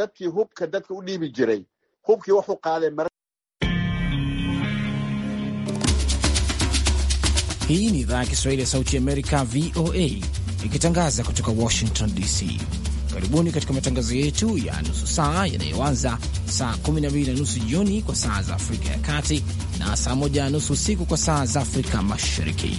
dadkii hubka dadka u dhiibi jiray hubkii wuxuu qaaday mar Hii ni idhaa ya Kiswahili ya Sauti Amerika, VOA, ikitangaza kutoka Washington DC. Karibuni katika matangazo yetu ya nusu saa yanayoanza saa 12 na nusu jioni kwa saa za Afrika ya Kati na saa 1 na nusu usiku kwa saa za Afrika Mashariki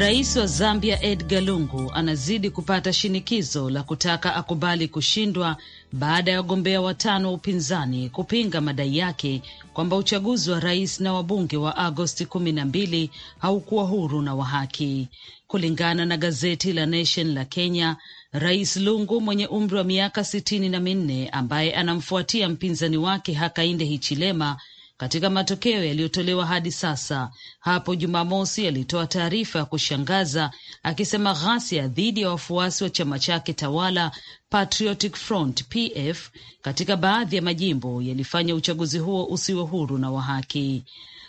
Rais wa Zambia Edgar Lungu anazidi kupata shinikizo la kutaka akubali kushindwa baada ya wagombea watano wa upinzani kupinga madai yake kwamba uchaguzi wa rais na wabunge wa Agosti kumi na mbili haukuwa huru na wa haki. Kulingana na gazeti la Nation la Kenya, Rais Lungu mwenye umri wa miaka sitini na minne ambaye anamfuatia mpinzani wake Hakainde Hichilema katika matokeo yaliyotolewa hadi sasa, hapo Jumamosi alitoa taarifa ya kushangaza akisema ghasia dhidi ya wafuasi wa chama chake tawala Patriotic Front PF katika baadhi ya majimbo yalifanya uchaguzi huo usiwe huru na wa haki.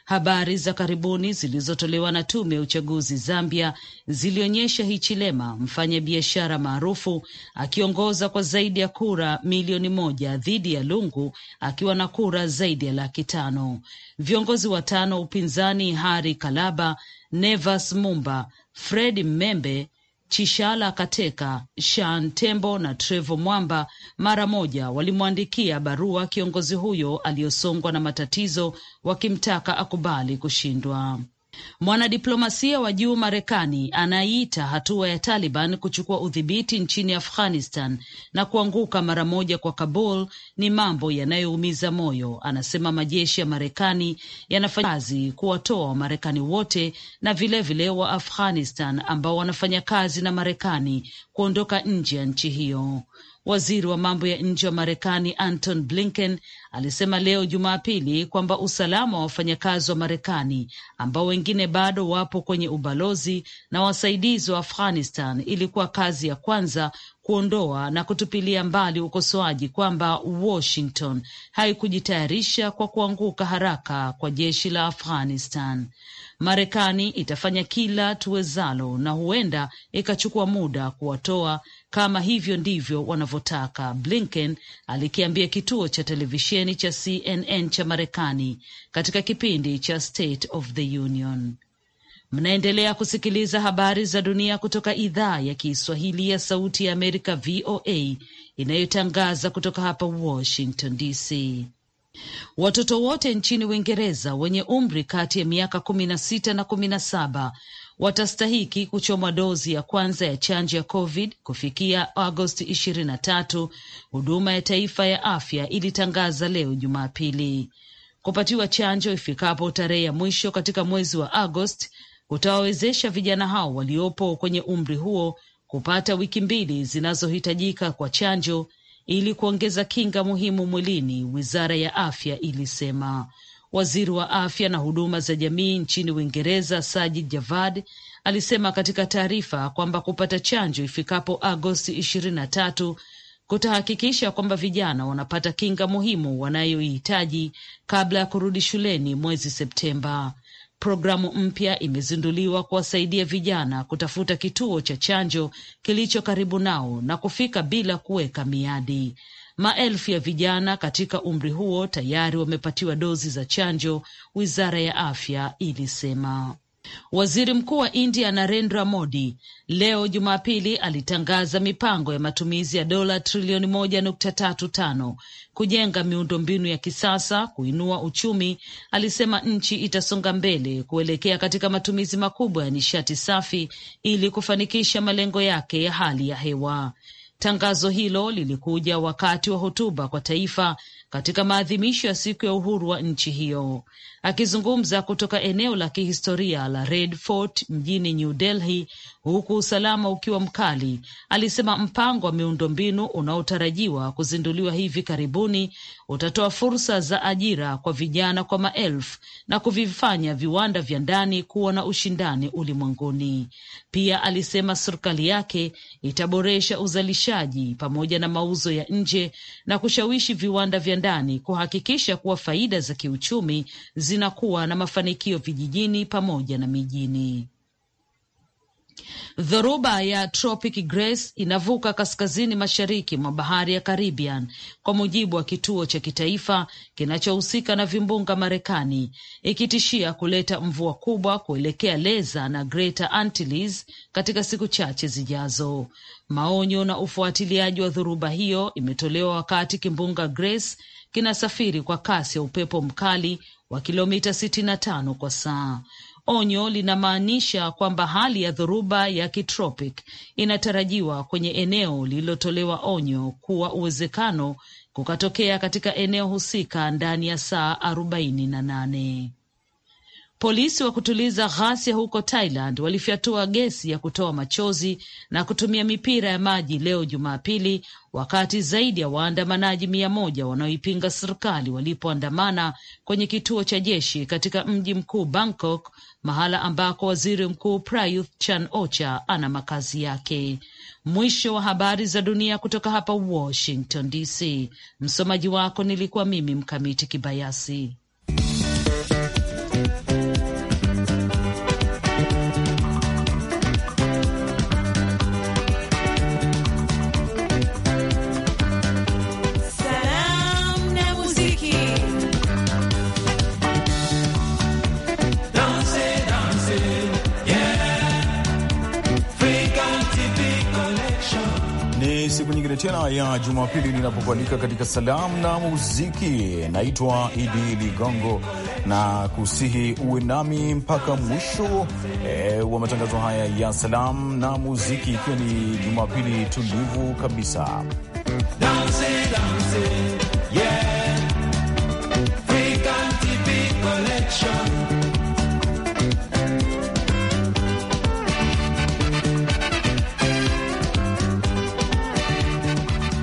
Habari za karibuni zilizotolewa na tume ya uchaguzi Zambia zilionyesha Hichilema, mfanyabiashara maarufu, akiongoza kwa zaidi ya kura milioni moja dhidi ya Lungu akiwa na kura zaidi ya laki tano. Viongozi watano upinzani Hari Kalaba, Nevas Mumba, Fred Mmembe Chishala Kateka, Shan Tembo na Trevo Mwamba mara moja walimwandikia barua kiongozi huyo aliyosongwa na matatizo wakimtaka akubali kushindwa. Mwanadiplomasia wa juu Marekani anaiita hatua ya Taliban kuchukua udhibiti nchini Afghanistan na kuanguka mara moja kwa Kabul ni mambo yanayoumiza moyo. Anasema majeshi ya Marekani yanafanya kazi kuwatoa Wamarekani wote na vilevile wa Afghanistan ambao wanafanya kazi na Marekani kuondoka nje ya nchi hiyo. Waziri wa mambo ya nje wa Marekani Anton Blinken alisema leo Jumapili kwamba usalama wa wafanyakazi wa Marekani ambao wengine bado wapo kwenye ubalozi na wasaidizi wa Afghanistan ilikuwa kazi ya kwanza kuondoa na kutupilia mbali ukosoaji kwamba Washington haikujitayarisha kwa kuanguka haraka kwa jeshi la Afghanistan. Marekani itafanya kila tuwezalo na huenda ikachukua muda kuwatoa kama hivyo ndivyo wanavyotaka, Blinken alikiambia kituo cha televisheni cha CNN cha Marekani katika kipindi cha State of the Union. Mnaendelea kusikiliza habari za dunia kutoka idhaa ya Kiswahili ya Sauti ya Amerika, VOA, inayotangaza kutoka hapa Washington DC. Watoto wote nchini Uingereza wenye umri kati ya miaka kumi na sita na kumi na saba watastahiki kuchomwa dozi ya kwanza ya chanjo ya COVID kufikia Agosti 23, huduma ya taifa ya afya ilitangaza leo Jumapili. Kupatiwa chanjo ifikapo tarehe ya mwisho katika mwezi wa Agosti kutawawezesha vijana hao waliopo kwenye umri huo kupata wiki mbili zinazohitajika kwa chanjo ili kuongeza kinga muhimu mwilini, wizara ya afya ilisema. Waziri wa afya na huduma za jamii nchini Uingereza Sajid Javad alisema katika taarifa kwamba kupata chanjo ifikapo Agosti ishirini na tatu kutahakikisha kwamba vijana wanapata kinga muhimu wanayoihitaji kabla ya kurudi shuleni mwezi Septemba. Programu mpya imezinduliwa kuwasaidia vijana kutafuta kituo cha chanjo kilicho karibu nao na kufika bila kuweka miadi. Maelfu ya vijana katika umri huo tayari wamepatiwa dozi za chanjo, wizara ya afya ilisema. Waziri Mkuu wa India Narendra Modi leo Jumapili alitangaza mipango ya matumizi ya dola trilioni moja nukta tatu tano kujenga miundombinu ya kisasa kuinua uchumi. Alisema nchi itasonga mbele kuelekea katika matumizi makubwa ya nishati safi ili kufanikisha malengo yake ya hali ya hewa. Tangazo hilo lilikuja wakati wa hotuba kwa taifa katika maadhimisho ya siku ya uhuru wa nchi hiyo. Akizungumza kutoka eneo la kihistoria la Red Fort mjini New Delhi, huku usalama ukiwa mkali, alisema mpango wa miundombinu unaotarajiwa kuzinduliwa hivi karibuni utatoa fursa za ajira kwa vijana kwa maelfu na kuvifanya viwanda vya ndani kuwa na ushindani ulimwenguni. Pia alisema serikali yake itaboresha uzalishaji pamoja na mauzo ya nje na kushawishi viwanda vya ndani kuhakikisha kuwa faida za kiuchumi zinakuwa na mafanikio vijijini pamoja na mijini. Dhoruba ya Tropic Grace inavuka kaskazini mashariki mwa bahari ya Caribbean, kwa mujibu wa kituo cha kitaifa kinachohusika na vimbunga Marekani, ikitishia kuleta mvua kubwa kuelekea Leza na Greater Antilles katika siku chache zijazo. Maonyo na ufuatiliaji wa dhoruba hiyo imetolewa wakati kimbunga Grace kinasafiri kwa kasi ya upepo mkali wa kilomita 65 kwa saa. Onyo linamaanisha kwamba hali ya dhoruba ya kitropic inatarajiwa kwenye eneo lililotolewa onyo kuwa uwezekano kukatokea katika eneo husika ndani ya saa arobaini na nane. Polisi wa kutuliza ghasia huko Thailand walifyatua gesi ya kutoa machozi na kutumia mipira ya maji leo Jumapili, wakati zaidi ya waandamanaji mia moja wanaoipinga serikali walipoandamana kwenye kituo cha jeshi katika mji mkuu Bangkok mahala ambako waziri mkuu Prayuth Chan-ocha ana makazi yake. Mwisho wa habari za dunia kutoka hapa Washington DC. Msomaji wako nilikuwa mimi Mkamiti Kibayasi. nyingine tena ya Jumapili linapokualika katika salamu na muziki. Naitwa Idi Ligongo na kusihi uwe nami mpaka mwisho e, wa matangazo haya ya salamu na muziki, ikiwa ni Jumapili tulivu kabisa.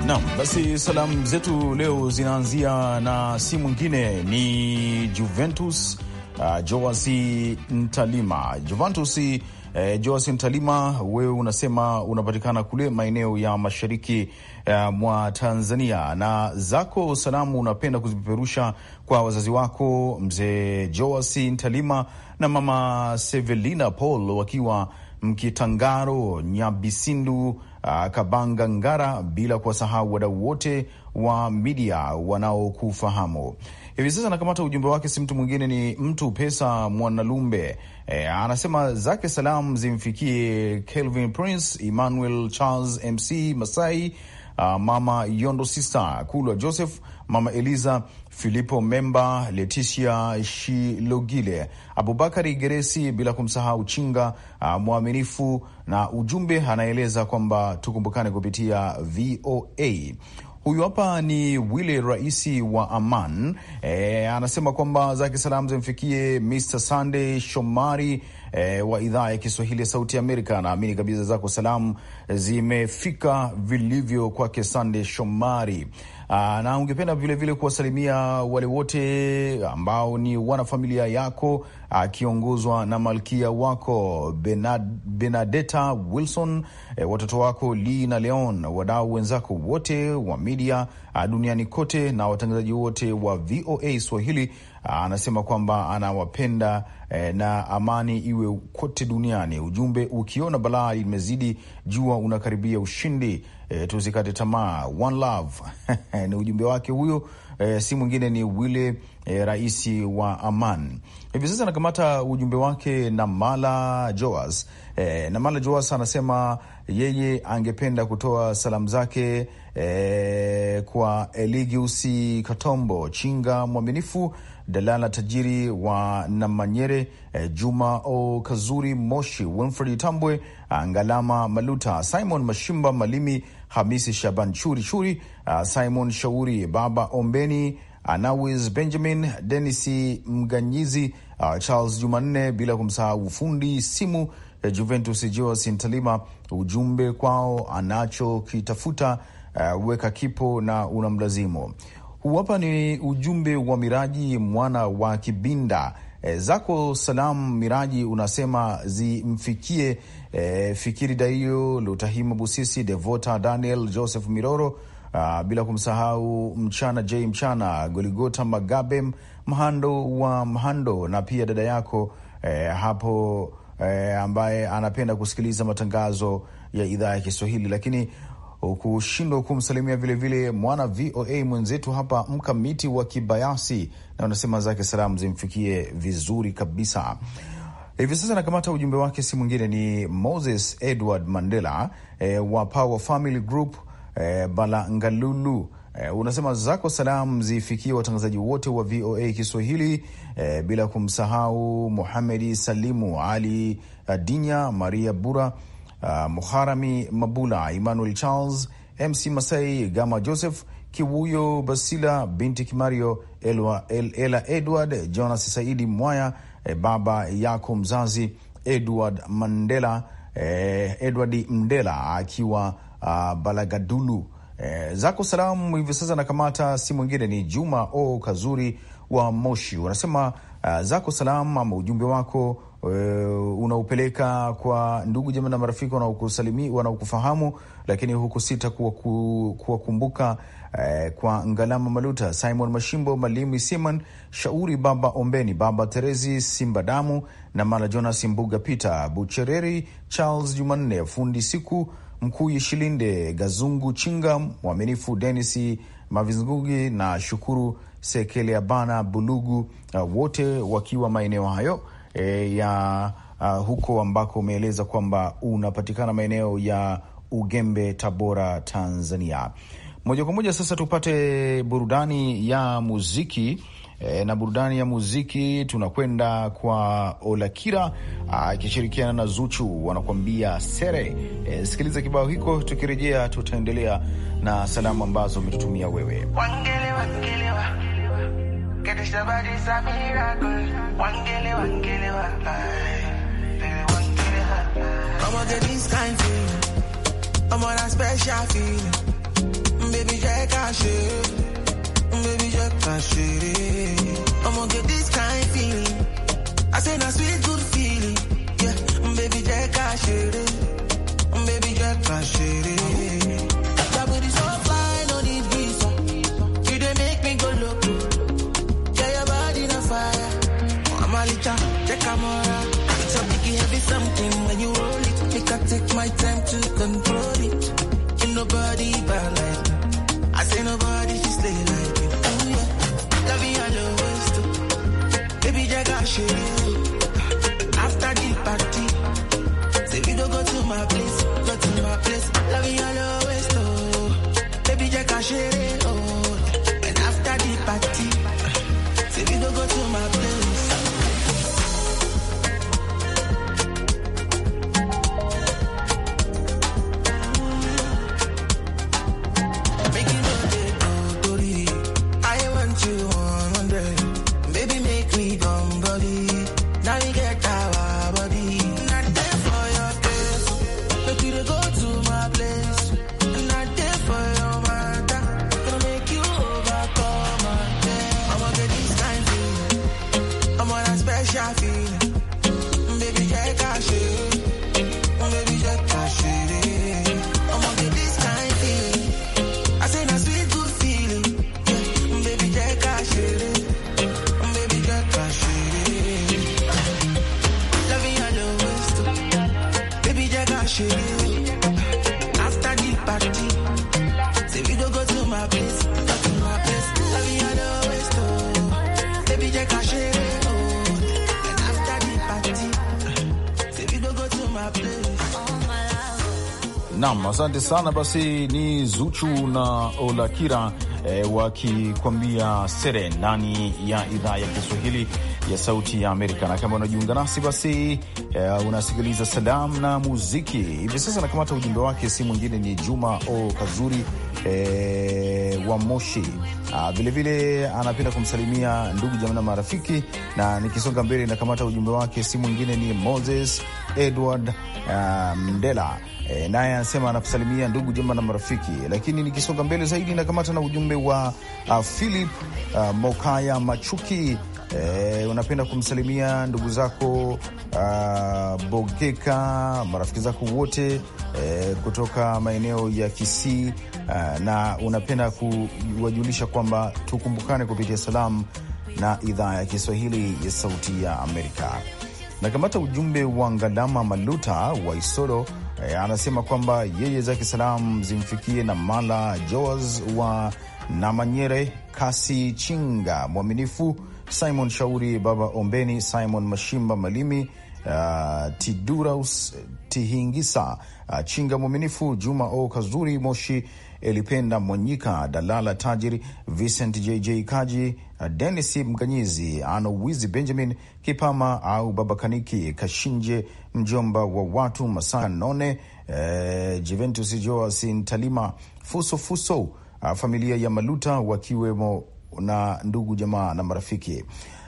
Naam, basi salamu zetu leo zinaanzia na si mwingine ni Juventus uh, ah, Joasi Ntalima. Juventus eh, Joasi Ntalima, wewe unasema unapatikana kule maeneo ya mashariki uh, mwa Tanzania, na zako salamu unapenda kuzipeperusha kwa wazazi wako mzee Joasi Ntalima na mama Sevelina Paul wakiwa Mkitangaro Nyabisindu uh, Kabanga Ngara, bila kuwasahau wadau wote wa midia wanaokufahamu hivi sasa. Anakamata ujumbe wake, si mtu mwingine, ni mtu pesa Mwanalumbe. E, anasema zake salamu zimfikie Kelvin Prince, Emmanuel Charles, MC Masai, uh, mama Yondo, sister Kulwa Joseph, mama Eliza Filipo Memba, Leticia Shilogile, Abubakari Geresi, bila kumsahau Chinga uh, Mwaminifu. Na ujumbe anaeleza kwamba tukumbukane kupitia VOA. Huyu hapa ni Wile Raisi wa Aman. E, anasema kwamba zake salamu zimfikie Mr Sunday Shomari e, wa idhaa ya Kiswahili ya Sauti ya Amerika. Naamini kabisa zako salamu zimefika vilivyo kwake Sunday Shomari. Aa, ah, na ungependa vilevile kuwasalimia wale wote ambao ni wanafamilia yako akiongozwa ah, na malkia wako Bernard, Benadeta Wilson e, watoto wako Lee na Leon, wadau wenzako wote wa media ah, duniani kote na watangazaji wote wa VOA Swahili. Anasema kwamba anawapenda e, na amani iwe kote duniani. Ujumbe, ukiona balaa limezidi, jua unakaribia ushindi e, tuzikate tamaa, one love ni ujumbe wake huyo, e, si mwingine ni wile e, rais wa Aman. Hivi e, sasa anakamata ujumbe wake Namala Joas. E, Namala Joas anasema yeye angependa kutoa salamu zake e, kwa Eligiusi Katombo Chinga, mwaminifu Dalala tajiri wa Namanyere, e, Juma O Kazuri Moshi, Winfred Tambwe, Ngalama Maluta, Simon Mashimba Malimi Hamisi Shaban Churi Churi, uh, Simon Shauri, Baba Ombeni, Anawis uh, Benjamin, Denis Mganyizi, uh, Charles Jumanne, bila kumsahau fundi simu uh, Juventus Joas Ujumbe kwao anachokitafuta uh, weka kipo na unamlazimu. Huwapa ni ujumbe wa Miraji mwana wa Kibinda. E, zako salamu Miraji unasema zimfikie e, Fikiri Daio, Lutahima Busisi, Devota Daniel, Joseph Miroro, a, bila kumsahau Mchana J Mchana, Goligota Magabe, Mhando wa Mhando na pia dada yako e, hapo e, ambaye anapenda kusikiliza matangazo ya idhaa ya Kiswahili lakini kushindwa kumsalimia vilevile mwana VOA mwenzetu hapa Mkamiti wa Kibayasi, na wanasema zake salamu zimfikie vizuri kabisa. Hivi sasa anakamata ujumbe wake, si mwingine ni Moses Edward Mandela e, wa Power Family Group e, Balangalulu. E, unasema zako salamu zifikie watangazaji wote wa VOA Kiswahili e, bila kumsahau Muhamedi Salimu Ali Dinya, Maria Bura, uh, ah, Muharami Mabula, Emmanuel Charles, MC Masai, Gama Joseph Kiwuyo, Basila binti Kimario, Elwa, El, Ela Edward, Jonas Saidi Mwaya e, baba yako mzazi Edward Mandela e, Edward Mndela akiwa a, ah, Balagadulu. E, zako salamu hivi sasa nakamata si mwingine ni Juma O Kazuri wa Moshi, unasema ah, zako salamu ama ujumbe wako Eh, unaupeleka kwa ndugu jamaa na marafiki wanaokusalimi wanaokufahamu, lakini huku sita kuwakumbuka kuwa uh, eh, kwa Ngalama Maluta, Simon Mashimbo, Malimi Siman, Shauri Baba Ombeni, Baba Terezi Simba Damu na Mala Jonas Mbuga, Peter Buchereri, Charles Jumanne Fundi Siku Mkuu Yishilinde, Gazungu Chinga, Mwaminifu denis mavizngugi na Shukuru Sekeleabana Bulugu, uh, wote wakiwa maeneo hayo e, ya uh, huko ambako umeeleza kwamba unapatikana maeneo ya Ugembe, Tabora, Tanzania. Moja kwa moja sasa tupate burudani ya muziki. E, na burudani ya muziki tunakwenda kwa Olakira akishirikiana na Zuchu wanakuambia sere. E, sikiliza kibao hiko, tukirejea tutaendelea na salamu ambazo umetutumia wewe wangelewa, wangelewa. Get this a miracle. One one one One I'm gonna get this kind of feeling. I'm on a special feeling. Baby, Jack, I should. Baby, Jack, I should. I'm gonna get this kind of feeling. I say, that sweet, good feeling. Yeah, baby, Jack, I should. Baby, Jack, I should. my time to control it. Ain't nobody bad like me. I say nobody she stay like me. Oh yeah, love you, I know waste. Baby, I got shit. Asante sana basi, ni Zuchu na Olakira e, wakikwambia sere ndani ya idhaa ya Kiswahili ya Sauti ya Amerika. Na kama unajiunga nasi basi, e, unasikiliza salam na muziki hivi sasa. Nakamata ujumbe wake, si mwingine ni Juma O Kazuri e, wa Moshi. Vilevile ah, anapenda kumsalimia ndugu jamaa na marafiki, na nikisonga mbele nakamata ujumbe wake, si mwingine ni Moses Edward ah, Mdela E, naye anasema anakusalimia ndugu jema na marafiki. Lakini nikisonga mbele zaidi nakamata na ujumbe wa uh, Philip uh, Mokaya Machuki. E, unapenda kumsalimia ndugu zako uh, Bogeka, marafiki zako wote e, kutoka maeneo ya Kisii uh, na unapenda kuwajulisha kwamba tukumbukane kupitia salamu na idhaa ya Kiswahili ya Sauti ya Amerika. Nakamata ujumbe wa Ngalama Maluta wa Isolo e, anasema kwamba yeye zake salamu zimfikie na Mala Joas wa Namanyere, Kasi Chinga Mwaminifu, Simon Shauri, Baba Ombeni, Simon Mashimba Malimi, uh, Tiduraus Tihingisa, uh, Chinga Mwaminifu, Juma O Kazuri Moshi Elipenda Mwanyika, Dalala Tajiri, Vincent JJ Kaji, Denis Mganyizi, Anowizi Benjamin Kipama au Babakaniki Kashinje, mjomba wa watu Masaa None, eh, Juventus Talima, Fuso Fusofuso, ah, familia ya Maluta wakiwemo na ndugu jamaa na marafiki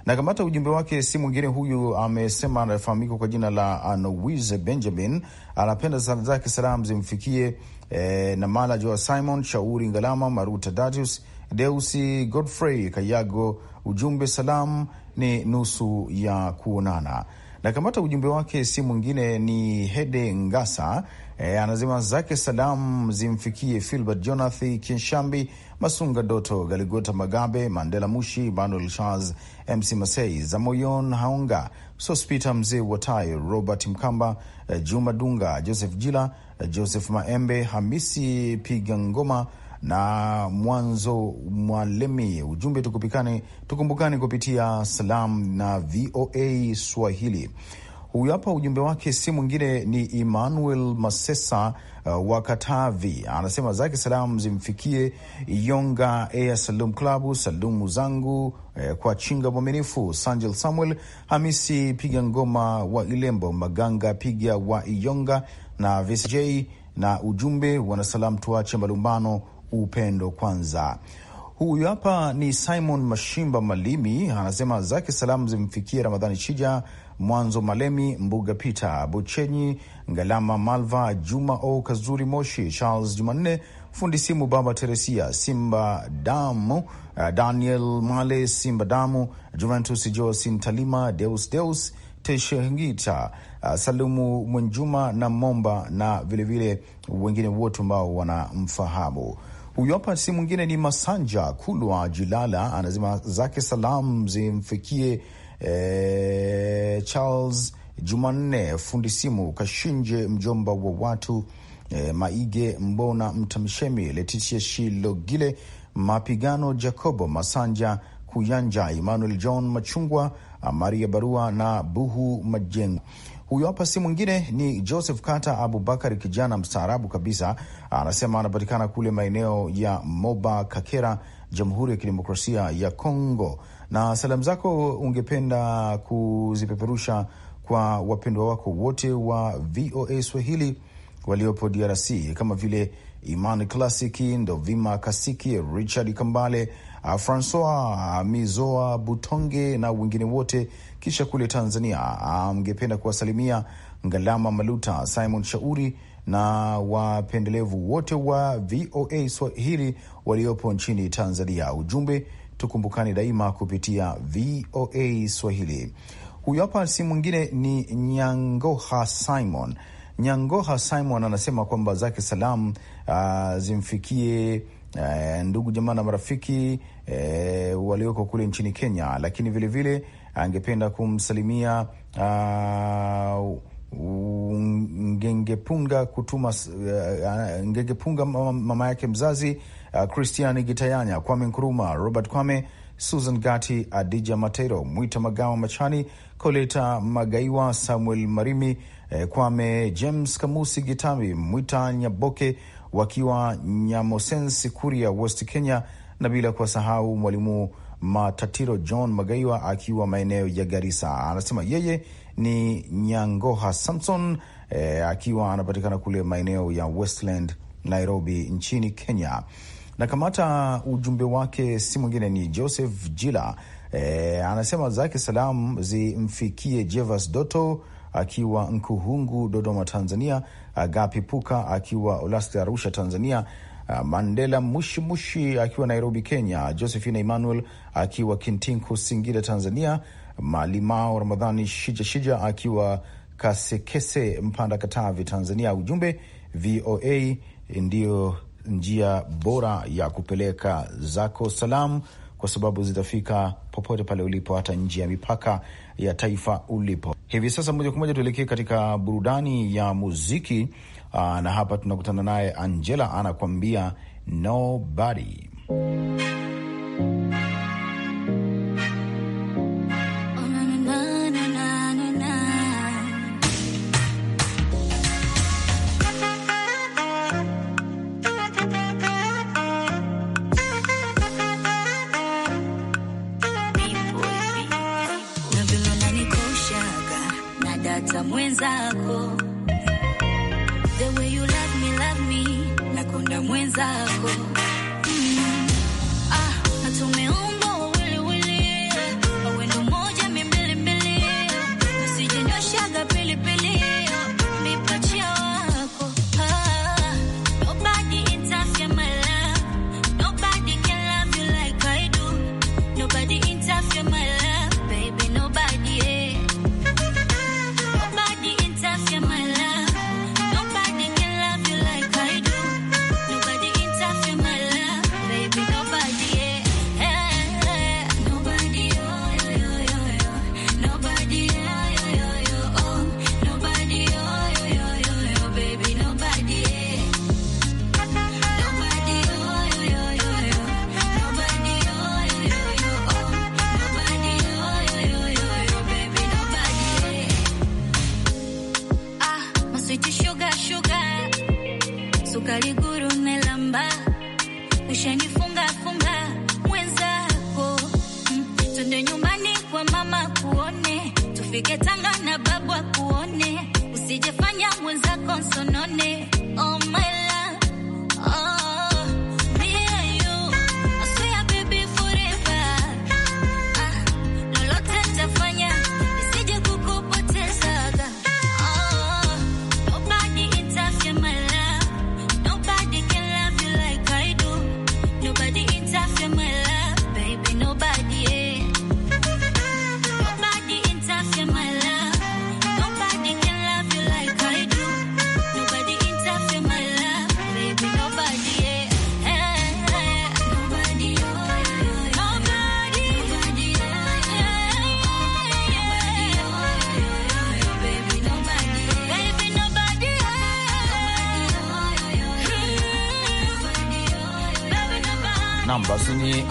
na kamata ujumbe wake si mwingine huyu, amesema anafahamika kwa jina la Anowize Benjamin, anapenda sala zake salam zimfikie eh, mala Joa Simon, Shauri Ngalama, Maruta Datius, Deusi Godfrey Kayago. Ujumbe salam ni nusu ya kuonana. Na kamata ujumbe wake si mwingine ni Hede Ngasa, eh, anasema zake salam zimfikie Filbert Jonathan Kinshambi Masunga Doto, Galigota Magabe, Mandela Mushi, Manuel Charles, MC Masei, Zamoyon Haonga, Sospita Mzee watai Robert Mkamba, eh, Juma Dunga, Joseph Jila, eh, Joseph Maembe, Hamisi Piga Ngoma na Mwanzo Mwalemi. Ujumbe tukupikane, tukumbukane kupitia salam na VOA Swahili. Huyu hapa ujumbe wake si mwingine ni Emmanuel Masesa uh, wa Katavi, anasema zake salamu zimfikie Yonga Air Salum Klabu, salumu zangu eh, uh, kwa Chinga Mwaminifu, Sanjel Samuel Hamisi Piga Ngoma wa Ilembo, Maganga Piga wa Iyonga na VSJ, na ujumbe wanasalamu, tuache malumbano, upendo kwanza. Huyu hapa ni Simon Mashimba Malimi, anasema zake salamu zimfikie Ramadhani Chija Mwanzo Malemi, Mbuga Peter, Buchenyi Ngalama, Malva Juma O, Kazuri Moshi, Charles Jumanne Fundi Simu, Baba Teresia, Simba Damu, uh, Daniel Male, Simba Damu, Juventus Josin Talima, Deus Deus Teshengita, uh, Salumu Mwenjuma na Momba na vilevile vile wengine wote ambao wanamfahamu. Huyu hapa si mwingine ni Masanja Kulwa Jilala, anazima zake salamu zimfikie e, Charles Jumanne fundi simu, Kashinje mjomba wa watu e, Maige Mbona Mtamshemi, Letitia Shilogile Mapigano, Jacobo Masanja Kuyanja, Emmanuel John Machungwa, Maria Barua na Buhu Majengo. Huyo hapa si mwingine ni Joseph Kata Abubakar, kijana mstaarabu kabisa. Anasema anapatikana kule maeneo ya Moba Kakera, Jamhuri ya Kidemokrasia ya Kongo na salamu zako ungependa kuzipeperusha kwa wapendwa wako wote wa VOA Swahili waliopo DRC kama vile Iman Classic, Ndovima Kasiki, Richard Kambale, Francois Mizoa Butonge na wengine wote. Kisha kule Tanzania angependa kuwasalimia Ngalama Maluta, Simon Shauri na wapendelevu wote wa VOA Swahili waliopo nchini Tanzania. Ujumbe tukumbukane daima kupitia VOA Swahili. Huyo hapa si mwingine ni Nyangoha Simon. Nyangoha Simon anasema kwamba zake salamu uh, zimfikie uh, ndugu jamaa na marafiki uh, walioko kule nchini Kenya, lakini vilevile angependa vile, angependa kumsalimia uh, Ngengepunga kutuma uh, Ngengepunga mama yake mzazi Uh, Christian Gitayanya, Kwame nkuruma Robert Kwame, Susan Gati, Adija Matero, Mwita Magawa Machani, Koleta Magaiwa, Samuel Marimi, eh, Kwame James, Kamusi Gitami, Mwita Nyaboke wakiwa Nyamosensi, Kuria West Kenya, na bila kuwasahau Mwalimu Matatiro John Magaiwa akiwa maeneo ya garisa Anasema yeye ni Nyangoha Samson eh, akiwa anapatikana kule maeneo ya Westland, Nairobi nchini Kenya na kamata ujumbe wake si mwingine ni Joseph Jila. E, anasema zake salamu zimfikie Jevas Doto akiwa Nkuhungu, Dodoma, Tanzania, Agapi Puka akiwa Olasti, Arusha, Tanzania, Mandela Mushimushi akiwa Nairobi, Kenya, Josephine Emmanuel akiwa Kintinku, Singida, Tanzania, Malimao Ramadhani Shija Shija akiwa Kasekese, Mpanda, Katavi, Tanzania. Ujumbe VOA ndio njia bora ya kupeleka zako salamu, kwa sababu zitafika popote pale ulipo, hata nje ya mipaka ya taifa ulipo. Hivi sasa moja kwa moja tuelekee katika burudani ya muziki. Aa, na hapa tunakutana naye Angela anakuambia nobody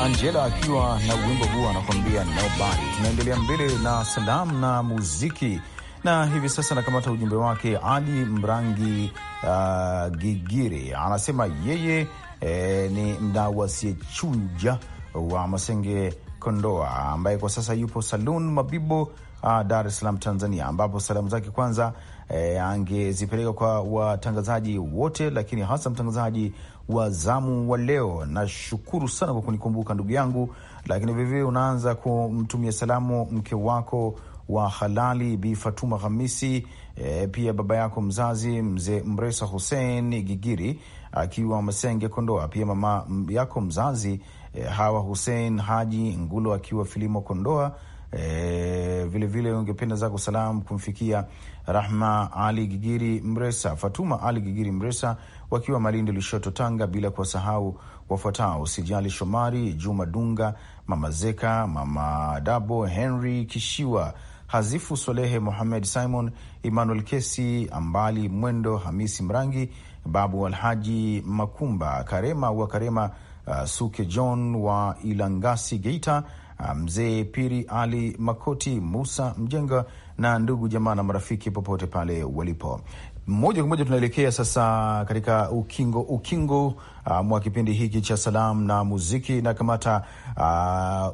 Angela akiwa na wimbo huo anakuambia nobody. Tunaendelea mbele na salamu na muziki, na hivi sasa anakamata ujumbe wake Ali Mrangi uh, Gigiri anasema yeye eh, ni mdau asiyechunja wa Masenge Kondoa, ambaye kwa sasa yupo salun Mabibo, uh, Dar es Salaam, Tanzania, ambapo salamu zake kwanza e, angezipeleka kwa watangazaji wote, lakini hasa mtangazaji wa zamu wa leo. Nashukuru sana kwa kunikumbuka ndugu yangu, lakini vilevile unaanza kumtumia salamu mke wako wa halali Bi Fatuma Hamisi, e, pia baba yako mzazi mzee Mresa Hussein Gigiri akiwa Masenge, Kondoa, pia mama yako mzazi e, Hawa Hussein Haji Ngulo akiwa Filimo, Kondoa. Vilevile e, vile ungependa zako salamu kumfikia Rahma Ali Gigiri Mresa, Fatuma Ali Gigiri Mresa wakiwa Malindi, Lushoto, Tanga, bila kuwasahau wafuatao: Sijali Shomari, Juma Dunga, Mama Zeka, Mama Dabo, Henry Kishiwa, Hazifu Solehe, Muhamed Simon, Emmanuel Kesi, Ambali Mwendo, Hamisi Mrangi, Babu Alhaji Makumba, Karema wa Karema, uh, Suke John wa Ilangasi, Geita, uh, mzee Piri Ali Makoti, Musa Mjenga na ndugu jamaa na marafiki popote pale walipo. Moja kwa moja tunaelekea sasa katika ukingo ukingo uh, mwa kipindi hiki cha salamu na muziki, na kamata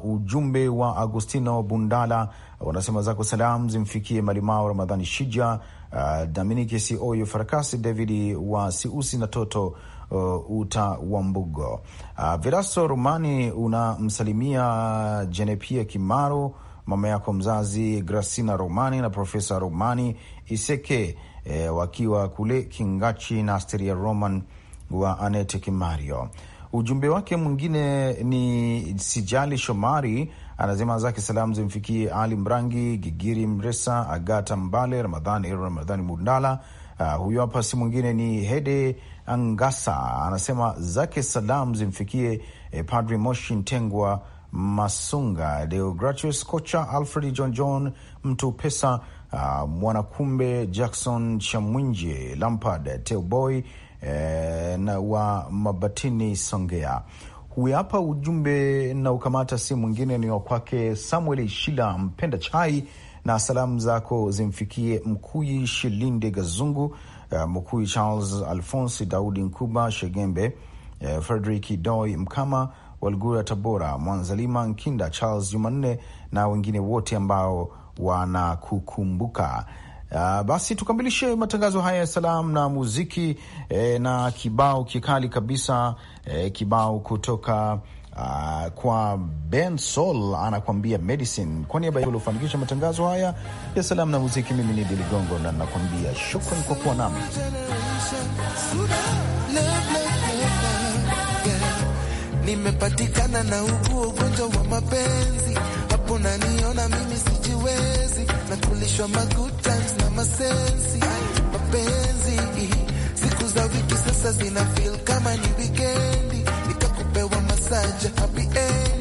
uh, ujumbe wa Agustino Bundala, wanasema zako salamu zimfikie Malimao Ramadhani Shija, uh, ah, Dominiki Sioyo Farakasi, David wa Siusi na Toto Uh, uta wa Mbugo uh, Viraso Rumani unamsalimia Jenepia Kimaro mama yako mzazi Grasina Romani na Profesa Romani Iseke e, wakiwa kule Kingachi na Asteria Roman wa Anete Kimario. Ujumbe wake mwingine ni Sijali Shomari anasema zake salamu zimfikie Ali Mrangi, Gigiri Mresa, Agata Mbale, Ramadhani Ramadhani Mundala. Uh, ah, huyo hapa si mwingine ni Hede Angasa, anasema zake salamu zimfikie eh, Padri Moshi Ntengwa Masunga, Deogratius Kocha, Alfred John John pesa uh, Mwanakumbe, Jackson Chamwinje, Lampard Teoboy eh, na wa Mabatini Songea. hapa ujumbe na ukamata si mwingine ni wa kwake Samuel Shila Mpenda Chai, na salamu zako zimfikie Mkuyi Shilinde Gazungu, uh, eh, Mkuyi Charles Alphonse, Daudi Nkuba Shegembe, uh, Frederick Doi Mkama Waluguru ya Tabora, Mwanzalima Nkinda, Charles Jumanne na wengine wote ambao wanakukumbuka. Uh, basi tukamilishe matangazo haya ya salamu na muziki eh, na kibao kikali kabisa eh, kibao kutoka Uh, kwa Ben Sol anakuambia medicine. Kwa niaba ya uliofanikisha matangazo haya ya salamu na muziki, mimi ni Diligongo na nakuambia shukran kwa kuwa nami nimepatikana na ugu ugonjwa wa mapenzi hapo, naniona mimi sijiwezi, na kulishwa good times na masensi mapenzi. Siku za wiki sasa zina feel kama ni wikendi, nitakupewa masaja happy end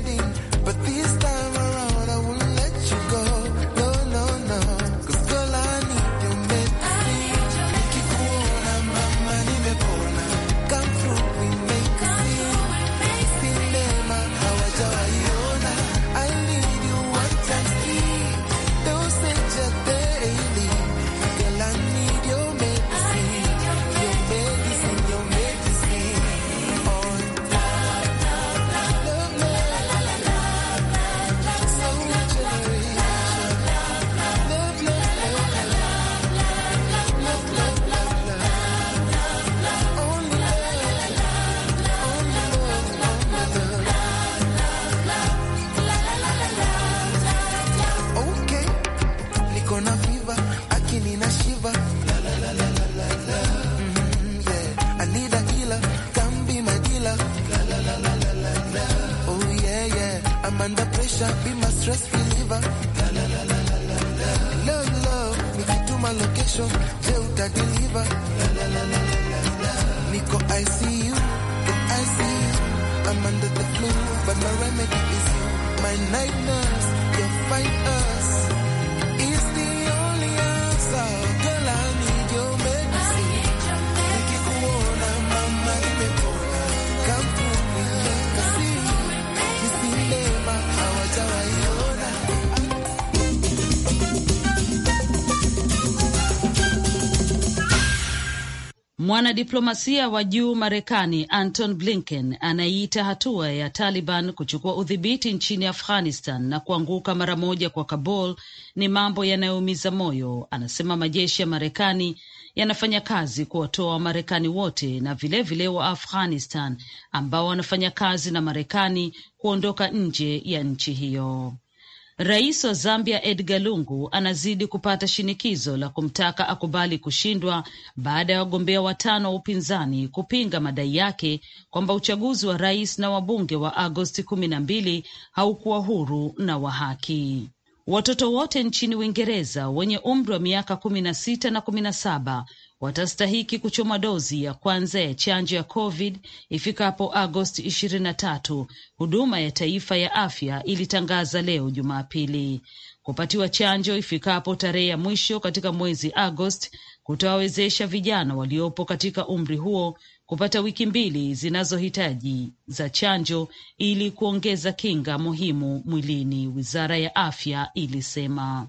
Mwanadiplomasia wa juu Marekani Anton Blinken anaiita hatua ya Taliban kuchukua udhibiti nchini Afghanistan na kuanguka mara moja kwa Kabul ni mambo yanayoumiza moyo. Anasema majeshi ya Marekani yanafanya kazi kuwatoa Wamarekani wote na vilevile wa Afghanistan ambao wanafanya kazi na Marekani kuondoka nje ya nchi hiyo. Rais wa Zambia Edgar Lungu anazidi kupata shinikizo la kumtaka akubali kushindwa baada ya wagombea watano wa upinzani kupinga madai yake kwamba uchaguzi wa rais na wabunge wa Agosti kumi na mbili haukuwa huru na wa haki. Watoto wote nchini Uingereza wenye umri wa miaka kumi na sita na kumi na saba watastahiki kuchoma dozi ya kwanza ya chanjo ya COVID ifikapo Agosti 23, huduma ya taifa ya afya ilitangaza leo Jumapili. Kupatiwa chanjo ifikapo tarehe ya mwisho katika mwezi Agosti kutawawezesha vijana waliopo katika umri huo kupata wiki mbili zinazohitaji za chanjo ili kuongeza kinga muhimu mwilini, wizara ya afya ilisema.